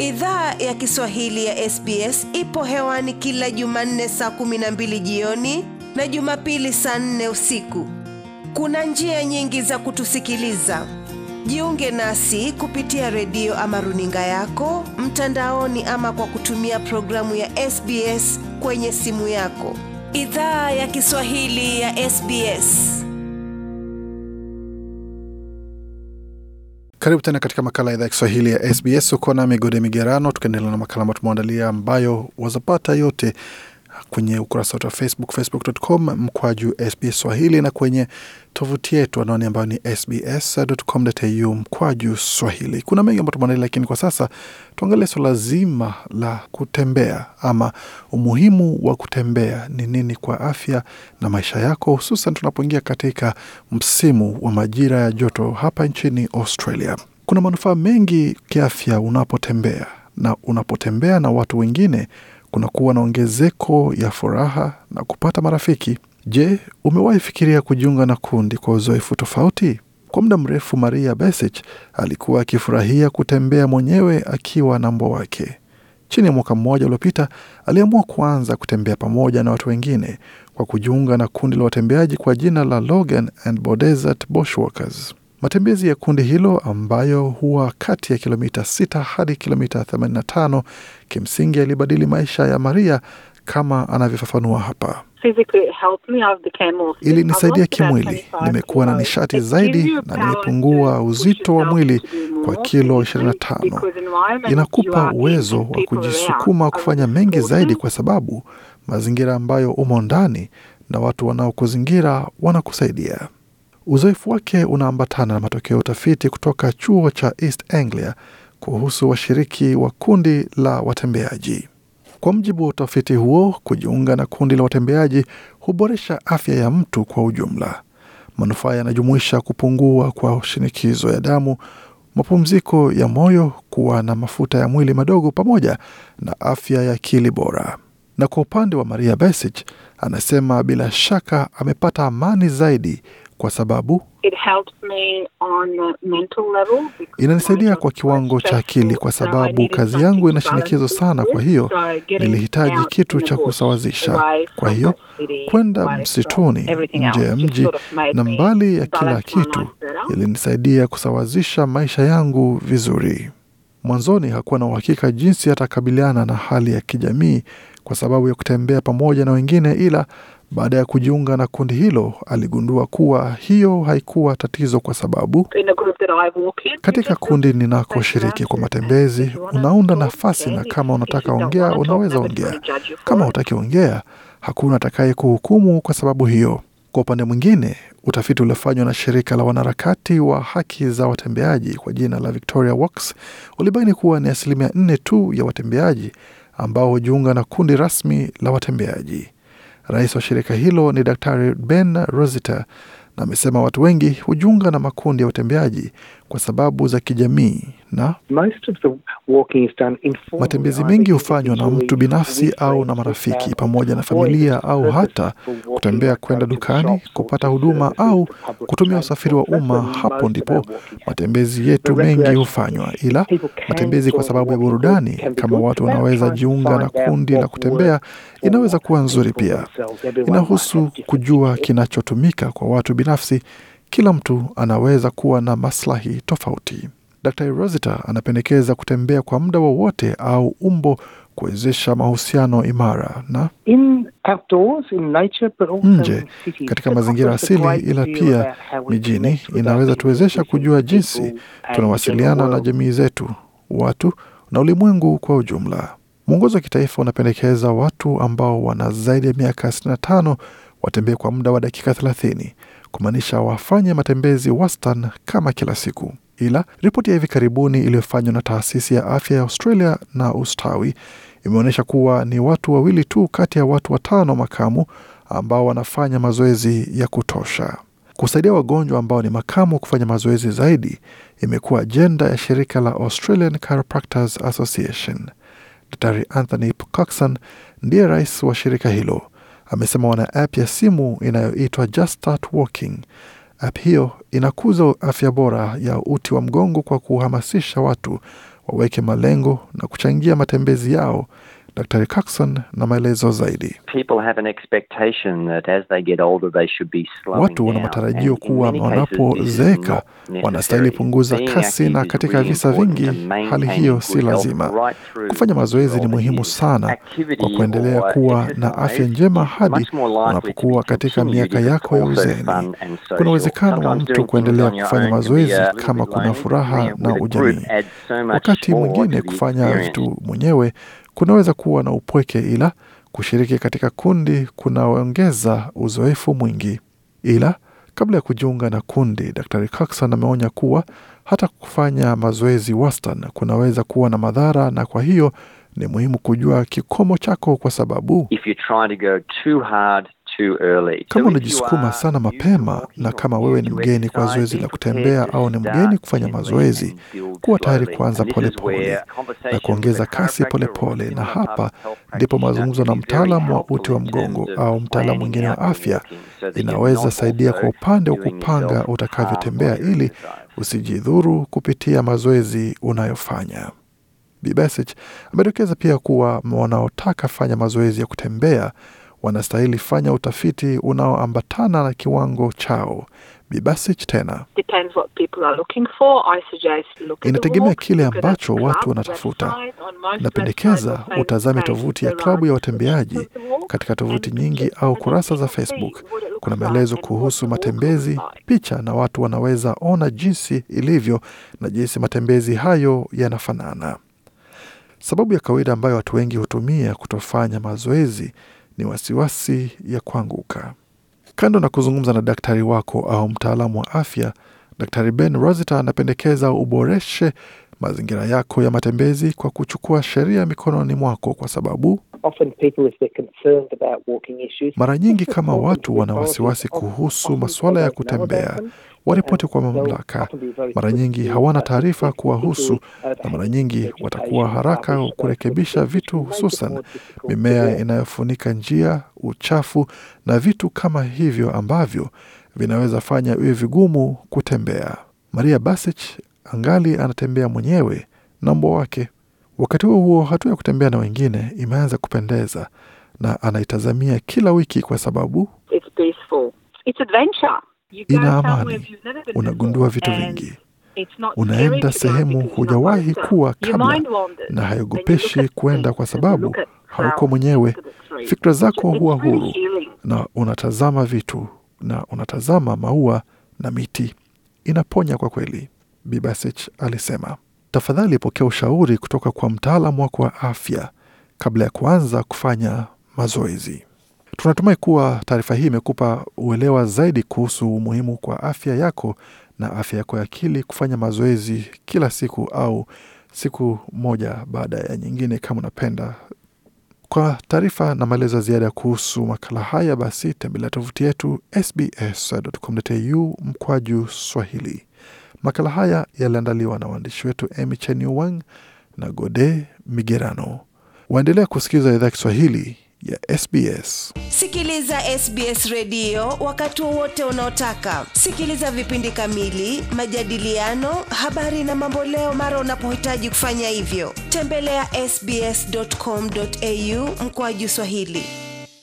Idhaa ya Kiswahili ya SBS ipo hewani kila Jumanne saa 12 jioni na Jumapili saa 4 usiku. Kuna njia nyingi za kutusikiliza. Jiunge nasi kupitia redio ama runinga yako mtandaoni, ama kwa kutumia programu ya SBS kwenye simu yako. Idhaa ya Kiswahili ya SBS. Karibu tena katika makala ya idhaa ya Kiswahili ya SBS. Uko na Migode Migerano, tukiendelea na makala ambayo tumeandalia, ambayo wazapata yote kwenye ukurasa wetu wa Facebook, facebook.com mkwaju SBS Swahili, na kwenye tovuti yetu anaoni ambayo ni sbs.com.au mkwaju Swahili. Kuna mengi ambayo tumeandalia, lakini kwa sasa tuangalie swala zima la kutembea ama umuhimu wa kutembea ni nini kwa afya na maisha yako, hususan tunapoingia katika msimu wa majira ya joto hapa nchini Australia. Kuna manufaa mengi kiafya unapotembea na unapotembea na watu wengine kunakuwa na ongezeko ya furaha na kupata marafiki. Je, umewahi fikiria kujiunga na kundi kwa uzoefu tofauti? Kwa muda mrefu Maria Besich alikuwa akifurahia kutembea mwenyewe akiwa na mbwa wake. Chini ya mwaka mmoja uliopita, aliamua kuanza kutembea pamoja na watu wengine kwa kujiunga na kundi la watembeaji kwa jina la Logan and Bodesert Bushwalkers. Matembezi ya kundi hilo ambayo huwa kati ya kilomita 6 hadi kilomita 85 kimsingi yalibadili maisha ya Maria kama anavyofafanua hapa. Ilinisaidia kimwili, nimekuwa na nishati zaidi na nimepungua uzito wa mwili kwa kilo 25. Inakupa uwezo wa kujisukuma kufanya mengi zaidi, kwa sababu mazingira ambayo umo ndani na watu wanaokuzingira wanakusaidia. Uzoefu wake unaambatana na matokeo ya utafiti kutoka chuo cha East Anglia kuhusu washiriki wa kundi la watembeaji. Kwa mjibu wa utafiti huo, kujiunga na kundi la watembeaji huboresha afya ya mtu kwa ujumla. Manufaa yanajumuisha kupungua kwa shinikizo ya damu, mapumziko ya moyo, kuwa na mafuta ya mwili madogo, pamoja na afya ya akili bora. Na kwa upande wa Maria Besich, anasema bila shaka amepata amani zaidi kwa sababu inanisaidia kwa kiwango cha akili, kwa sababu kazi yangu ina shinikizo sana. Kwa hiyo nilihitaji kitu cha kusawazisha. Kwa hiyo kwenda msituni, nje ya mji na mbali ya kila kitu, ilinisaidia kusawazisha maisha yangu vizuri. Mwanzoni hakuwa na uhakika jinsi atakabiliana na hali ya kijamii kwa sababu ya kutembea pamoja na wengine, ila baada ya kujiunga na kundi hilo aligundua kuwa hiyo haikuwa tatizo, kwa sababu katika kundi ninakoshiriki kwa matembezi unaunda nafasi, na kama unataka ongea, unaweza ongea. Kama hutaki ongea, hakuna atakaye kuhukumu kwa sababu hiyo. Kwa upande mwingine, utafiti uliofanywa na shirika la wanaharakati wa haki za watembeaji kwa jina la Victoria Walks ulibaini kuwa ni asilimia nne tu ya watembeaji ambao hujiunga na kundi rasmi la watembeaji. Rais wa shirika hilo ni Daktari Ben Rosita na amesema watu wengi hujiunga na makundi ya watembeaji kwa sababu za kijamii na matembezi mengi hufanywa na mtu binafsi au na marafiki pamoja na familia, au hata kutembea kwenda dukani kupata huduma au kutumia usafiri wa umma. Hapo ndipo matembezi yetu mengi hufanywa, ila matembezi kwa sababu ya burudani, kama watu wanaweza jiunga na kundi la kutembea, inaweza kuwa nzuri pia. Inahusu kujua kinachotumika kwa watu binafsi kila mtu anaweza kuwa na maslahi tofauti. Dr. Rosita anapendekeza kutembea kwa muda wowote au umbo kuwezesha mahusiano imara na nje katika mazingira asili, ila pia mijini inaweza tuwezesha kujua jinsi tunawasiliana na jamii zetu, watu na ulimwengu kwa ujumla. Mwongozo wa kitaifa unapendekeza watu ambao wana zaidi ya miaka 65 watembee kwa muda wa dakika 30 kumaanisha wafanye matembezi wastan kama kila siku. Ila ripoti ya hivi karibuni iliyofanywa na taasisi ya afya ya Australia na ustawi imeonyesha kuwa ni watu wawili tu kati ya watu watano makamu ambao wanafanya mazoezi ya kutosha. Kusaidia wagonjwa ambao ni makamu kufanya mazoezi zaidi imekuwa ajenda ya shirika la Australian Association. Daktari Anthony Coxon ndiye rais wa shirika hilo Amesema wana app ya simu inayoitwa Just Start Walking. App hiyo inakuza afya bora ya uti wa mgongo kwa kuhamasisha watu waweke malengo na kuchangia matembezi yao Daktari Coxon na maelezo zaidi. Watu wana matarajio kuwa wanapozeeka wanastahili punguza kasi, na katika visa vingi hali hiyo si lazima. Kufanya mazoezi ni muhimu sana kwa kuendelea kuwa na afya njema hadi unapokuwa katika miaka yako ya uzeeni. Kuna uwezekano wa mtu kuendelea kufanya mazoezi kama kuna furaha na ujamii. Wakati mwingine kufanya vitu mwenyewe kunaweza kuwa na upweke, ila kushiriki katika kundi kunaongeza uzoefu mwingi. Ila kabla ya kujiunga na kundi, Dr Coxon ameonya kuwa hata kufanya mazoezi wastani kunaweza kuwa na madhara, na kwa hiyo ni muhimu kujua kikomo chako, kwa sababu If to go too hard kama unajisukuma sana mapema na kama wewe ni mgeni kwa zoezi la kutembea au ni mgeni kufanya mazoezi, kuwa tayari kuanza polepole na kuongeza kasi polepole pole. Na hapa ndipo mazungumzo na mtaalam wa uti wa mgongo au mtaalam mwingine wa afya inaweza saidia kwa upande wa kupanga utakavyotembea ili usijidhuru kupitia mazoezi unayofanya. Bibesich amedokeza pia kuwa wanaotaka fanya mazoezi ya kutembea wanastahili fanya utafiti unaoambatana na kiwango chao. Bibasich tena inategemea kile ambacho watu wanatafuta. Napendekeza utazame tovuti ya klabu ya watembeaji. Katika tovuti nyingi au kurasa za Facebook kuna maelezo kuhusu matembezi, picha, na watu wanaweza ona jinsi ilivyo na jinsi matembezi hayo yanafanana. Sababu ya kawaida ambayo watu wengi hutumia kutofanya mazoezi ni wasiwasi ya kuanguka. Kando na kuzungumza na daktari wako au mtaalamu wa afya, Daktari Ben Rosita anapendekeza uboreshe mazingira yako ya matembezi kwa kuchukua sheria mikononi mwako, kwa sababu mara nyingi kama watu wana wasiwasi kuhusu masuala ya kutembea, waripoti kwa mamlaka. Mara nyingi hawana taarifa kuwahusu, uh, na mara nyingi watakuwa haraka uh, kurekebisha vitu, hususan mimea inayofunika njia, uchafu na vitu kama hivyo ambavyo vinaweza fanya iwe vigumu kutembea. Maria Basich angali anatembea mwenyewe na mbwa wake. Wakati huo huo, hatua ya kutembea na wengine imeanza kupendeza na anaitazamia kila wiki kwa sababu ina amani. Unagundua vitu vingi, unaenda sehemu hujawahi kuwa kabla, na hayogopeshi kuenda kwa sababu hauko mwenyewe. Fikra zako huwa huru, na unatazama vitu na unatazama maua na miti. Inaponya kwa kweli, Bibasich alisema tafadhali pokea ushauri kutoka kwa mtaalam wako wa afya kabla ya kuanza kufanya mazoezi. Tunatumai kuwa taarifa hii imekupa uelewa zaidi kuhusu umuhimu kwa afya yako na afya yako ya akili kufanya mazoezi kila siku au siku moja baada ya nyingine, kama unapenda. Kwa taarifa na maelezo ya ziada kuhusu makala haya, basi tembelea tovuti yetu sbs.com.au mkwaju Swahili. Makala haya yaliandaliwa na waandishi wetu Emy wang na Gode Migerano. Waendelea kusikiliza idhaa Kiswahili ya SBS. Sikiliza SBS redio wakati wowote unaotaka. Sikiliza vipindi kamili, majadiliano, habari na mamboleo mara unapohitaji kufanya hivyo. Tembelea ya sbs.com.au mkoaji Swahili.